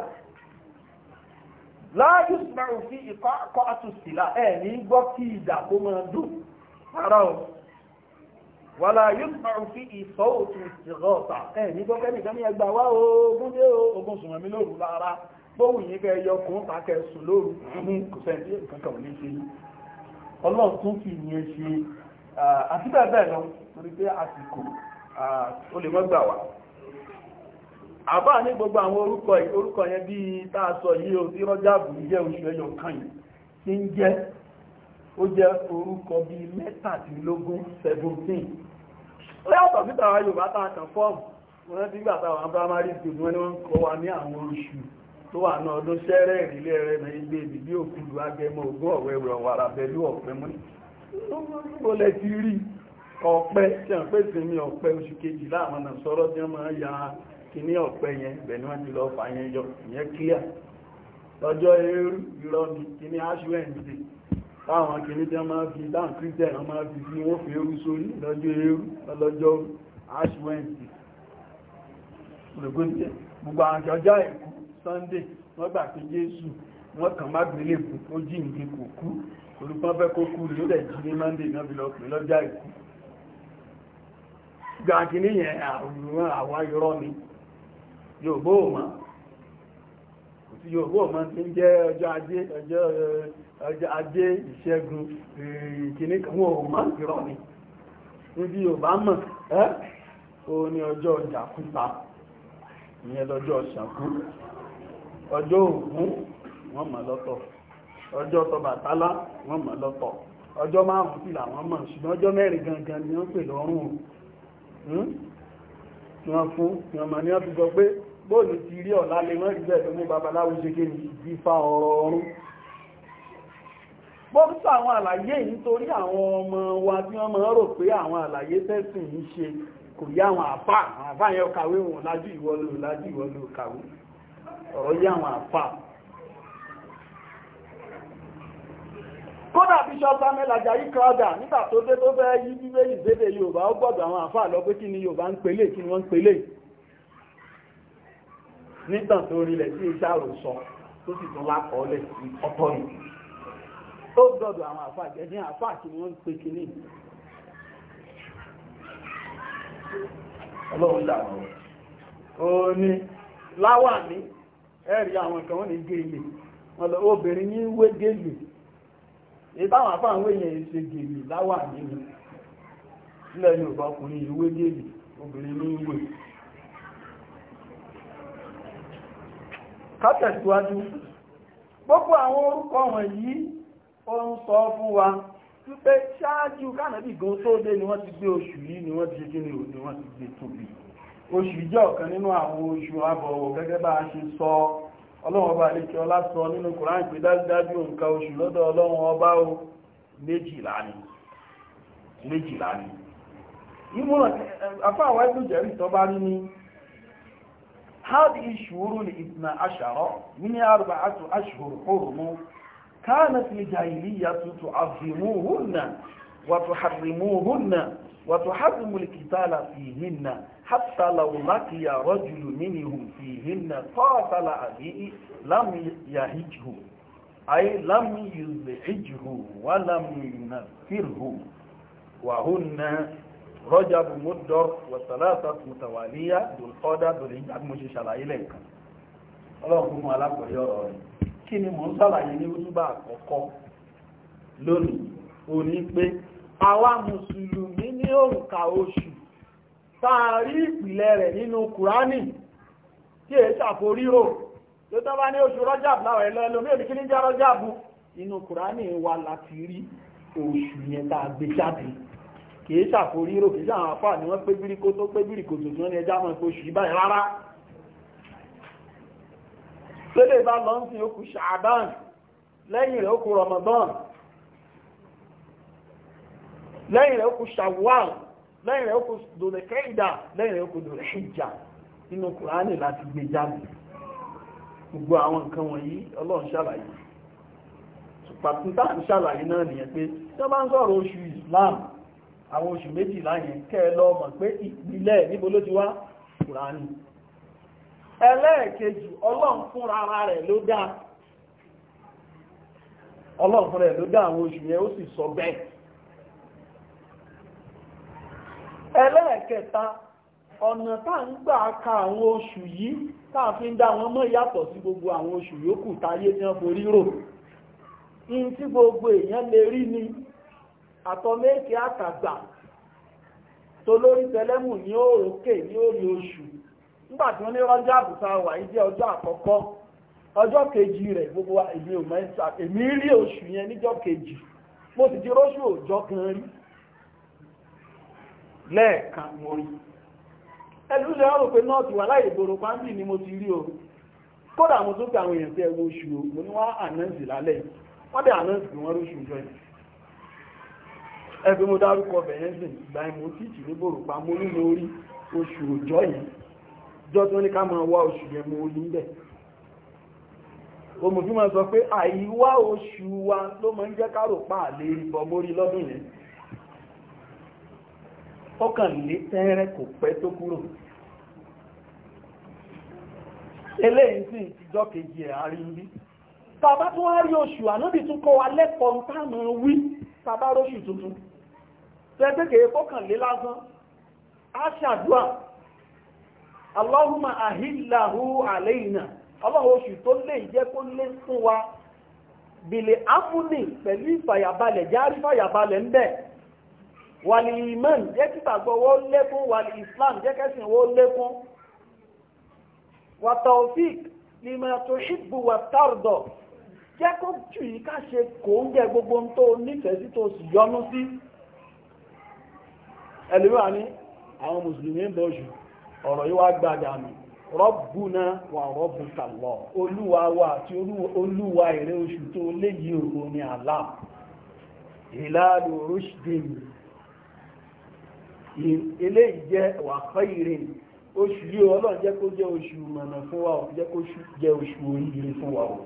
láàájú sùgbọ́n fi ìkọ́ akọ́ àtúnṣìlá ẹ̀ ní gbọ́ kí ìdà kó máa dùn rárá o wàlá yóò sùgbọ́n fi ìsọ́ òtún ìṣẹ̀rọ̀ ọ̀tà ẹ̀ ní gbọ́ kẹ́nìkan ní ẹgbàá wá ogun dé ogun sùnmọ̀mí lóru rárá bóhùn yìí kẹ́ yọ kún pàkẹ́ sùn lóru ọlọ́run tún fi ìyẹn ṣe Ah, àti bẹ́ẹ̀ bẹ́ẹ̀ lọ torí pé àsìkò ah, ó lè mọ́ gbà wá àbá ní gbogbo àwọn orúkọ orúkọ yẹn bí tá a sọ yìí o tí rọ́jàbù jẹ́ oṣù ẹyọ kan yìí tí ń jẹ́ ó jẹ́ orúkọ bíi mẹ́tàdínlógún seventeen ó yàtọ̀ sí tàwa Yorùbá tá a kàn fọ́ọ̀mù wọ́n rántí gbà táwọn abúrámárì tó ní wọ́n ní wọ́n kọ́ wa ní àwọn oṣù tó wà náà ọdún ṣẹ́rẹ́ ìrìlẹ̀ rẹ̀ ní ilé ìbí òkúdu agẹmọ ogún ọ̀wẹ́wẹ́ ọ̀wàrà pẹ̀lú ọ̀pẹ́mọ́ni ó lẹ ti rí ọ̀pẹ tí a ń pè sí ní ọ̀pẹ oṣù kejì láàrín ọ̀nà sọ̀rọ̀ tí wọ́n máa ya kìíní ọ̀pẹ yẹn bẹ̀ni wọ́n ti lọ fà yẹn yọ ìyẹn clear lọ́jọ́ eérú irọ́ ni kìíní ashwendé táwọn kìíní tí wọ́n máa fi dáhùn christian wọ́n máa fi fi wọ́n fi eérú sórí lọ́jọ́ eérú lọ́jọ́ ashwendé gbogbo àwọn ọjọ́ ìkú sunday wọ́n gbà pé jésù wọ́n kàn má gbélé kù ó jíǹde kò olùpọ̀ fẹ́ kó kú ló dẹ̀ jí ní mọ́ndé náà bí lọ́pẹ́ lọ́jà ìkú gbàkì níyẹn àwòrán àwa irọ́ ni yóòbó òmà kò sí yóòbó òmà tí ń jẹ́ ọjọ́ ajé ọjọ́ ajé ìṣẹ́gun eh, ìkíní kan òmà irọ́ ni níbi yóòbá mọ̀ ẹ́ ó ní ọjọ́ ọjà kúta ìyẹn lọ́jọ́ ṣàkú wọ́n mọ̀ lọ́tọ̀ ọjọ́ Ọbàtálá wọ́n mọ̀ lọ́tọ̀ ọjọ́ márùn-ún sí làwọn mọ̀ ṣùgbọ́n ọjọ́ mẹ́rin gangan ni wọ́n pè lọ́rùn tí hmm? wọ́n fún tí wọ́n mọ̀ ní wọ́n fi sọ pé bóòlù ti rí ọ̀la lè wọ́n rí bẹ́ẹ̀ tó mú babaláwo ṣe kí ni ìdí fa ọ̀rọ̀ ọ̀run bọ́kítà àwọn àlàyé yìí nítorí àwọn ọmọ wa tí wọ́n mọ̀ rò pé àwọn àlàyé tẹ́sìn ń ṣe kò yá àwọn àfà àwọn yẹn kàwé wọn lájú ìwọlò lájú ìwọlò kàwé ọ̀rọ̀ yá àwọn àfà kódà bishop samuel ajayi crowder nígbà tó dé tó fẹ́ yí ìzédè yorùbá ó gbọ́dọ̀ àwọn àfáà lọ pé kí ni yorùbá ń pelé kí ni wọ́n ń pelé nítàn tó rílẹ̀ sí iṣẹ́ àròsọ tó sì tún lákọọ́lẹ̀ sí ni ó gbọ́dọ̀ àwọn àfáà jẹ́ ní kí ni wọ́n ń pe ọlọ́run ó ní láwà ní ẹ̀rí àwọn kan wọ́n ní gèlè ìbáwọn àfáàwọ̀ èèyàn ṣe gèlè láwà nínú ilẹ̀ Yorùbá ọkùnrin ìwé gèlè obìnrin ní ìwé kátẹ̀síwájú gbogbo àwọn orúkọ wọn yìí ó ń sọ fún wa wípé ṣáájú kánàbì gan tó dé ni wọ́n ti gbé oṣù yìí ni wọ́n ti kí ni wọ́n ti gbé tóbi oṣù jẹ́ ọ̀kan nínú àwọn oṣù àbọ̀wọ̀ gẹ́gẹ́ bá a ṣe sọ so, ọlọ́run ọba àlejò ọlá sọ nínú kùrán pé dájúdájú nǹkan oṣù lọ́dọ̀ ọlọ́run ọba o méjìlá ni méjìlá ni ìmúràn afáàwọ̀ ẹgbẹ́ jẹ́rìí tó bá ní ní هذه الشهور الاثنى عشر من أربعة أشهر حرم كانت الجاهلية تعظموهن وتحرموهن وتحرم القتال فيهن hatta law laqiya rajulu minhum fihinna qatala abihi lam yahijhu ay lam yuzhijhu wa lam yunfirhu wa hunna rajab muddar wa thalathat mutawaliya dul qada dul hijab mo se ṣàlàyé lẹ́ẹ̀kan Ọlọ́run mú alákọ̀ọ́yé ọ̀rọ̀ rẹ̀ kí ni mò ń ṣàlàyé ní útúbà àkọ́kọ́ lónìí òní pé àwa mùsùlùmí ní òǹkà tààrí ìpìlẹ̀ rẹ̀ nínú kùránì tí è ṣàforírò tó tọ́ bá ní oṣù rọ́jàbù láwọ̀ ẹ̀lọ́ ẹlòmí òní kí ní jẹ́ rọ́jàbù inú kùránì wà láti rí oṣù yẹn tá gbé jáde kì í ṣàforírò kì í ṣàwọn afá ni wọ́n pé bíríkó tó pé bíríkó tó tún ní ẹjá mọ́ ipò oṣù báyìí rárá tẹ́lẹ̀ bá lọ ń sin okù ṣàbán lẹ́yìn rẹ̀ okù rọmọdán lẹ́yìn rẹ̀ okù ṣàwọ́n lẹ́yìn rẹ̀ ó kò dòlè kẹ́ìdà lẹ́yìn rẹ̀ ó kò dòlè ìjà nínú kùránì láti gbé jáde gbogbo àwọn nǹkan wọ̀nyí ọlọ́run ṣàlàyé pàtúntà ń ṣàlàyé náà nìyẹn pé tí wọ́n bá ń sọ̀rọ̀ oṣù Islam àwọn oṣù méjìlá yẹn kẹ́ ẹ lọ mọ̀ pé ìpìlẹ̀ níbo ló ti wá kùránì ẹlẹ́ẹ̀kejì ọlọ́run fúnra rẹ̀ ló dá àwọn oṣù yẹn ó sì sọ bẹ́ẹ̀ ẹlẹ́ẹ̀kẹta ọ̀nà tá ń gbà ka àwọn oṣù yìí tá a fi dá wọn sí gbogbo àwọn oṣù yòókù táyé tí wọ́n borí rò tí gbogbo èèyàn lè rí ni àtọ́mẹ́kì àtàgbà tolórí tẹlẹ́mù ní òòkè ní orí oṣù nígbà wọ́n ní rọ́jọ́ àbùsà wà yìí jẹ́ ọjọ́ àkọ́kọ́ ọjọ́ kejì rẹ̀ gbogbo èmi rí oṣù yẹn níjọ́ kejì mo sì ti lẹ́ẹ̀kan mo rí ẹlú ṣe rárò pé náà ti wà láì ìgboro ni mo ti rí o kódà mo tún pé àwọn èèyàn tí oṣù o mo ní wọ́n ànáǹsì lálẹ́ wọ́n dẹ̀ ànáǹsì pé wọ́n rí oṣù jọ yìí mo dárúkọ bẹ̀yẹn ìgbà ìmọ̀ tíìtì ní pa mo ní mo rí oṣù jọ ní ká máa wá oṣù yẹn mo rí ọkàn lé tẹ́rẹ́ kò pẹ́ tó kúrò eléyìí sì ìjọ kejì ẹ̀ àárín bí tàbá tó wá rí oṣù ànábì tún kọ́ wa lẹ́kọ̀ọ́ táàmù wí tàbá róṣù tuntun tẹ́gbẹ́kẹ̀ẹ́ fọ́kàn lé lásán á ṣàdúà Allahumma ahillahu alayna ọlọ́run oṣù tó lè jẹ́ kó lé fún wa bìlẹ̀ áfúnì pẹ̀lú ìfàyàbalẹ̀ járí fàyàbalẹ̀ ń bẹ́ẹ̀ wàlì imán jẹ́ kí gbàgbọ́ wọ́n lékún wàlì islam jẹ́ kẹ́sìn wọ́n lékún wàtàwọ́fíìk ni mà tó ṣíbù wàtàrdọ̀ jẹ́ kó jù yí ká ṣe kò ń jẹ gbogbo tó nífẹ̀ẹ́ sí tó sì yọnu sí ẹlẹ́wà ní àwọn mùsùlùmí ń bọ̀ṣù ọ̀rọ̀ yìí wá gbàgbà mi rọ́bùnà wà rọ́bùkà lọ olúwa wa àti olúwa èrè oṣù tó léyìí òun ni àlá ìlàlù rushdin eléyìí jẹ́ wà fẹ́yìrì oṣù yìí ọlọ́run jẹ́ kó jẹ́ oṣù mọ̀nà fún wa jẹ́ kó jẹ́ oṣù oríire fún wa o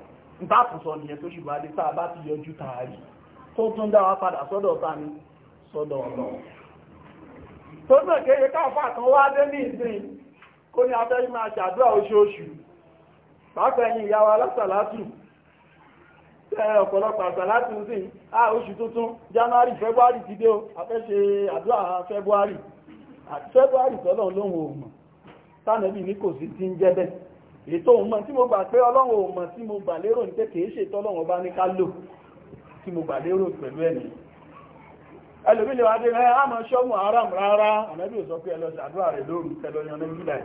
n bá sọ nìyẹn tó ṣùgbọ́n adé tá a bá ti yọjú tààrí tó tún dá wa padà sọ́dọ̀ ta ni sọ́dọ̀ kan wá dé ní ìsìn kó ní afẹ́ yìí máa ṣàdúrà oṣooṣù ìyá ọ̀pọ̀lọpọ̀ àgbà láti ń sìn oṣù tuntun january february ti dé o àfẹ́ṣe àdúrà february februari february tọ́lọ̀ lóhun òmọ̀ tánàbí ní kò sí ti ń jẹ́ ètò òmọ̀ tí mo gbà pé ọlọ́run òmọ̀ tí mo gbà lérò ní ṣe ọba ní ká lò tí mo gbà lérò pẹ̀lú ẹ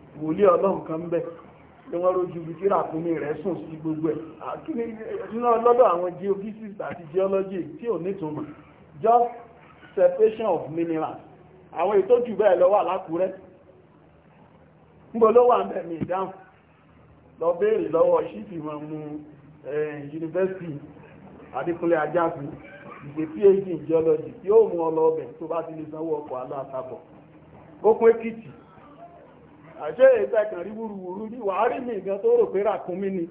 wòlíì ọlọ́run kan bẹ̀ tí wọ́n rójú ibi tí ràkúnmí rẹ̀ sùn sí gbogbo ẹ̀ kí ni lọ́dọ̀ àwọn geophysics àti geology tí ò nítumọ̀ just separation of minerals àwọn ìtọ́jú bẹ́ẹ̀ lọ wà lákúrẹ́ níbo ló wà bẹ́ẹ̀ mi ìdáhùn lọ béèrè lọ́wọ́ ṣífì wọn mú yunifásitì Adékúnlé Ajáàfin ìgbé phd in geology yóò mú ọ lọ ọbẹ̀ tó bá ti lè sanwó ọkọ̀ alátàbọ̀ Òkun Èkìtì àṣẹ ìtẹ́kàn rí wúruwúru ní wàá rí mi gan tó rò pé ràkúnmí ni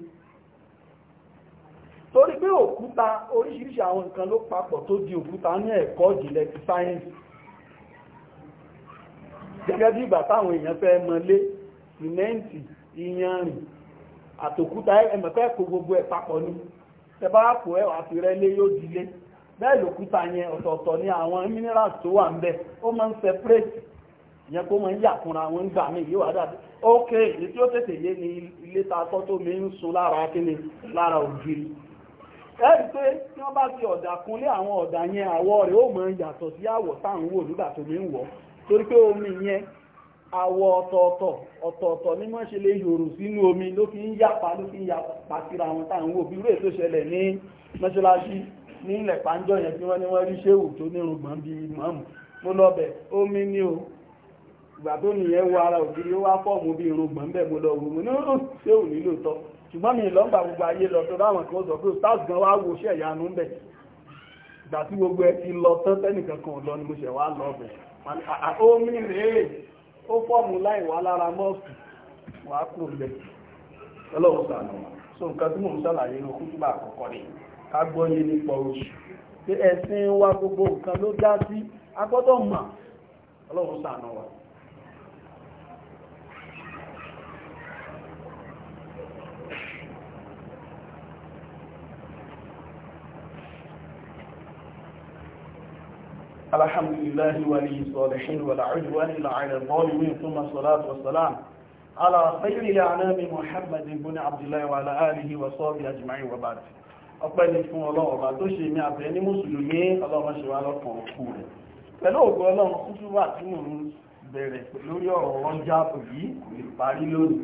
torí pé òkúta oríṣiríṣi àwọn nǹkan ló papọ̀ tó di òkúta ní ẹ̀kọ́ ìjìnlẹ̀ ti sáyẹ́nsì gẹ́gẹ́ bí ìgbà táwọn èèyàn fẹ́ mọ́lé sìmẹ́ǹtì iyanrìn àtòkúta ẹmẹ̀fẹ́ kó gbogbo ẹ̀ papọ̀ ní ẹbáàpò ẹwà ti rẹ́lé yóò dilé bẹ́ẹ̀ lòkúta yẹn ọ̀tọ̀ọ̀tọ̀ ni àwọn minerals tó wà ń bẹ ó máa ń separate ìyẹn kó máa ń yà fúnra wọn gbà mí yóò wá dàbí ok èyí tí ó tètè yé ni ilé ta tọ́ tó lè ń sun lára kíni lára ògiri ẹ̀rí pé tí wọ́n bá fi ọ̀dà kúnlé àwọn ọ̀dà yẹn àwọ̀ rẹ̀ ó máa ń yàtọ̀ sí àwọ̀ táwọn wò nígbà tó mi ń wọ̀ torí pé omi yẹn àwọ̀ ọ̀tọ̀ọ̀tọ̀ ọ̀tọ̀ọ̀tọ̀ ni mọ́ ṣe lè yòrò sínú omi ló fi ń yàpa ló fi ń yàpa síra wọn táwọn wò bí irú ètò ìṣẹ̀lẹ̀ ní mọ́ṣáláṣí ní ilẹ̀ pàǹjọ́ yẹn tí wọ́n ní wọ́n rí ṣéwù tó nírùngbọ̀n bíi mọ́ọ̀mù mo lọ bẹ̀ omi ni o ìgbà tó nìyẹn wọ ara ògiri ó wá fọ́ọ̀mù bí irun gbọ̀n bẹ́ẹ̀ mo lọ rùmù ní ó ṣé ò nílò tọ́ ṣùgbọ́n mi lọ́gbà gbogbo ayé lọ tó dáwọn kan sọ pé wá wo bẹ̀ ìgbà tí gbogbo ẹ ti lọ tán tẹ́nìkan kan lọ ni mo ṣẹ̀ wá lọ bẹ̀ ó mí rèé ó fọ́ọ̀mù láì wá lára mọ́ọ̀sì kúrò bẹ̀ ọlọ́run sànù so الحمد لله ولي الصالحين ولا عدوان إلا على الظالمين ثم الصلاة والسلام على خير الأعلام محمد بن عبد الله وعلى آله وصحبه أجمعين وبعد ọpẹ́ni fún ọlọ́run bá tó ṣe ní àbẹ̀ ní mùsùlùmí ọlọ́run ṣe wá lọ́kàn òkú rẹ̀ pẹ̀lú ògbọ́ ọlọ́run kú tó wà tí mò ń bẹ̀rẹ̀ lórí ọ̀rọ̀ ọjà òyí kò lè parí lónìí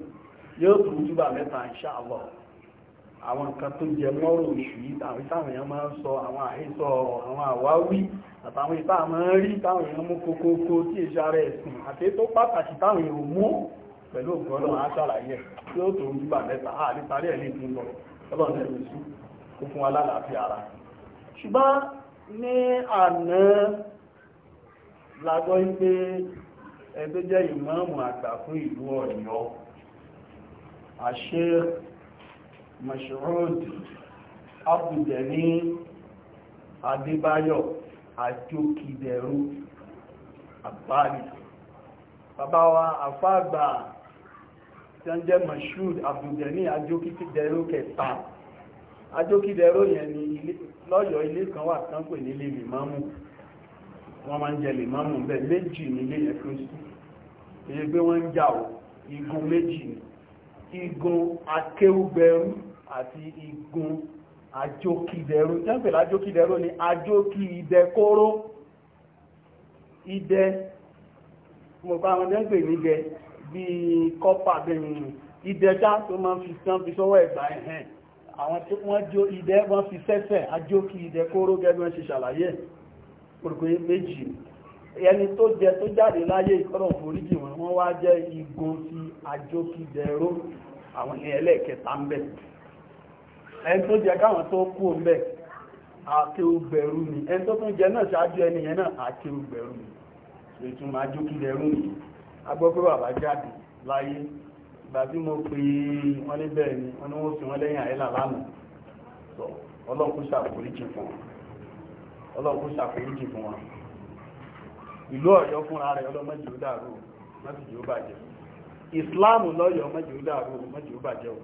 yóò tún túbà mẹ́ta insha Allah àwọn nǹkan tó jẹ mọ́rò ìṣù àwọn ìtàwọn èèyàn máa ń sọ àwọn àhesọ ọ̀rọ̀ àwọn àwáwí àtàwọn ìta máa ń rí táwọn èèyàn mú kókókó tí èṣà rẹ̀ ẹ̀sìn àti tó pàtàkì táwọn èèyàn mú pẹ̀lú ògbọ́nà aṣàlàyé tí ó tó ń gbà mẹ́ta àríparí ẹ̀lẹ́ ìdún lọ ọlọ́run ẹ̀rù sí kó fún wa lálàáfíà ara ṣùgbọ́n ní àná lágbọ́ pé ẹgbẹ́ jẹ́ ìmáàmù àgbà fún ìlú Mashood Abdulgani Adébáyọ̀ Àjòkìdẹ̀rú Àbáyì bàbá wa àfáàgbà tí wọ́n jẹ́ Mashood Abdulgani Àjòkìdẹ̀rú kẹta Àjòkìdẹ̀rú yẹn ni lọ́yọ̀ ilé kan wà tán pè nílé ìmámù wọ́n máa ń jẹ ìmámù bẹ́ẹ̀ méjì nílé yẹn Kristi èyí pé wọ́n ń jà ó igun méjì ni igun akéúgbẹ̀rún àti igun ajókìdẹ̀rú tẹ́m̀pẹ̀lá ajókìdẹ̀rú ni ajókì ìdẹ̀kóró ìdẹ mo bá wọn tẹ́m̀pẹ̀ nígẹ bí kọ́pà bẹ̀rẹ̀ ìdẹ̀ká tó máa fi sán fi sọ́wọ́ ẹ̀gbà ẹ̀hẹ́n àwọn tí wọ́n jó ìdẹ wọ́n fi sẹ́sẹ̀ ajókì ìdẹ̀kóró gẹ́gẹ́ ṣe ṣàlàyé pòròkòyé méjì ẹni tó jẹ tó jáde láyé ìkọ́rọ̀ foríjì wọn wọ́n wá jẹ́ igun ẹlẹ́ẹ̀kẹta ń bẹ̀rẹ̀ ẹni tó jẹ káwọn tó kú ọmọ àti ògbẹ̀rú ni ẹni tó tún jẹ náà ṣáájú ẹni yẹn náà àti ògbẹ̀rú ni ìtumọ̀ ajókìlẹ̀ rú ni agbọ́ bàbá jáde láyé ìgbà tí mo pè é wọ́n ni wọ́n ní wọ́n fi wọ́n lẹ́yìn àyílà lánàá sọ ọlọ́kú fún fún wọn ìlú ọ̀yọ́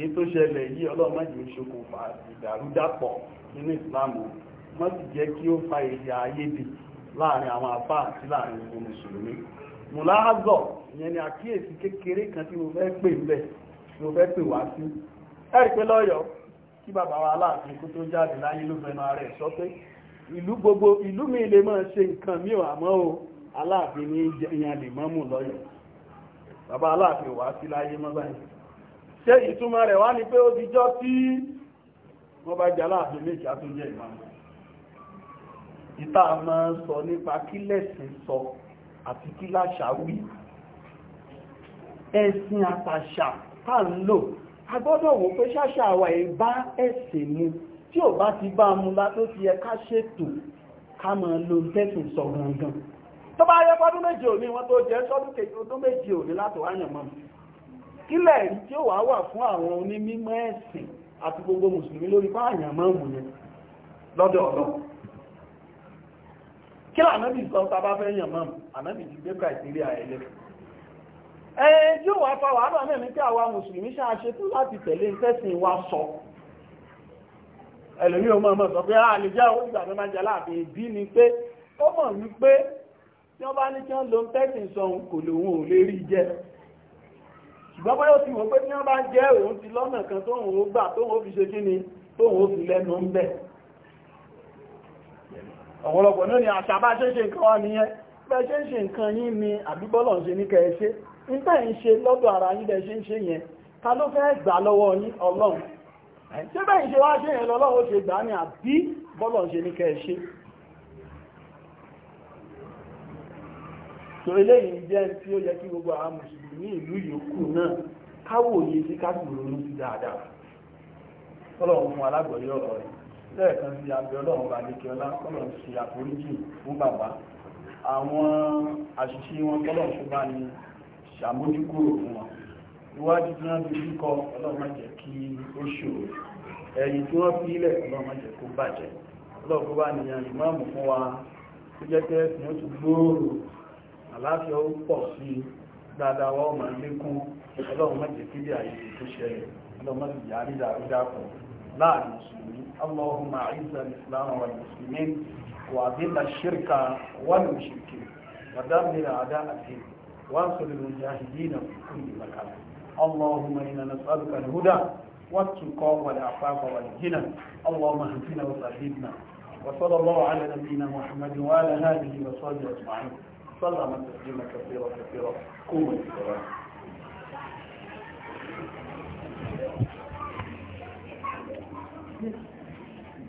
èyí tó ṣẹlẹ̀ yìí ọlọ́mọdé ṣokùnfà ìdàrúdàpọ̀ nínú ìsìláàmù wọ́n sì jẹ́ kí ó fa èyí àyèdè láàrin àwọn àbá àti láàrin gbogbo mùsùlùmí mùláàzọ̀ ìyẹn ni àkíyèsí kékeré kan tí mo fẹ́ pè mbẹ̀ tí mo fẹ́ pè wá sí ẹ̀rí pé lọ́yọ̀ọ́ kí bàbá wa aláàfin kó tó jáde láyé ló fẹnu ara ẹ̀ sọ pé ìlú gbogbo ìlú mi lè máa ṣe nǹkan mi ò àmọ́ o aláàfin ní ìyàn lè mọ́mù lọ́yọ̀ọ́ bàbá aláàfin wá sí láyé mọ́ báyìí ṣé ìtumọ̀ rẹ̀ wá ní pé ó ti jọ́ tí wọ́n bá jà láàbí méjì àtúnjẹ́ ìmáàmù ìta máa ń sọ nípa kí lẹ́sìn sọ àti kí láṣà wí ẹ̀sìn àtàṣà tá ń lò a gbọ́dọ̀ wò pé ṣáṣà wà ẹ̀ bá ẹ̀sìn mu tí ò bá ti bá mu látó ti yẹ ká ṣètò ká máa lo tẹ́sìn sọ gangan tó bá yẹ fọ́dún méje òní wọ́n tó jẹ́ sọ́dún méje òní látò wáyàn mọ́mù kílẹ̀ rí tí ó wà wà fún àwọn onímímọ̀ ẹ̀sìn àti gbogbo mùsùlùmí lórí fáàyàn mọ́ mù yẹn lọ́dọ̀ ọ̀dọ̀ kí ànábì sọ tàbá fẹ́ yàn mọ́ ànábì ti gbé criteria ẹ̀lẹ́ ẹ̀ẹ́ tí ó wà fa wàhálà náà ní pé àwa mùsùlùmí ṣe tó láti tẹ̀lé wa sọ ẹlòmí ọmọ ọmọ sọ pé a ah, lè jẹ́ òun ìgbàgbé máa ni pé ó mọ̀ wípé tí wọ́n bá ní kí ṣùgbọ́n bóyá ó ti wọ́n pé tí wọ́n bá jẹ́ òun ti lọ́nà kan tó òun ó gbà tó òun ó fi ṣe kí ni tó òun ó fi lẹ́nu ń bẹ̀ ọ̀pọ̀lọpọ̀ náà ni àṣà bá ṣe ṣe nǹkan wá nìyẹn bẹ́ẹ̀ ṣe ń ṣe nǹkan yín ni àbíbọ́lọ̀ ń ṣe ní kẹ́ẹ̀ṣe ń tẹ́ ń ṣe lọ́dọ̀ ara yín bẹ́ẹ̀ ṣe ń ṣe yẹn ta ló fẹ́ gbà lọ́wọ́ yín ọlọ́run ṣé bẹ́ẹ̀ ṣe wá ṣe yẹn lọ́lọ́run ó ṣe gbà ní àbí bọ́lọ̀ ń ṣe ní kẹ́ẹ̀ṣe tó eléyìí jẹ́ tí ó yẹ kí gbogbo àwọn mùsùlùmí ní ìlú yòókù náà káwòye sí káàkiri sí dáadáa ọlọ́run fún alágbọ̀yé ọ̀rọ̀ rẹ̀ lẹ́ẹ̀kan sí abẹ́ ọlọ́run bá lékẹ́ ọlá ọlọ́run sí àforíjì fún bàbá àwọn àṣìṣe wọn tọ́lọ́run fún bá ní ṣàmójúkúrò fún wọn iwájú tí wọ́n dojú kọ ọlọ́run má jẹ́ kí ó ṣòro ẹ̀yìn tí wọ́n fi ilẹ̀ ọlọ́run má jẹ́ kó bàjẹ́ ọlọ́run bá ní yan ìmáàmù fún wa tó jẹ́ pé ẹ̀sìn ó gbòòrò àlàáfíà ó pọ̀ sí i dáadáa wọ́n máa lékún ọlọ́run má jẹ́ kí bí àyè tó ṣẹlẹ̀ ọlọ́run má sì yà á rí dàrúdàpọ̀ láàrin mùsùlùmí allahumma aiza islam wa muslimin wa adilla shirka wal mushrikin wa dammir a'da'akum wa ansur al-mujahidin fi kulli makan allahumma inna nas'aluka al-huda والتقى والعفاف والغنى اللهم اهدنا وصاحبنا وصلى الله على نبينا محمد وعلى اله وصحبه اجمعين سلم تسليما كثيرا كثيرا قوموا للصلاه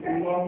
اللهم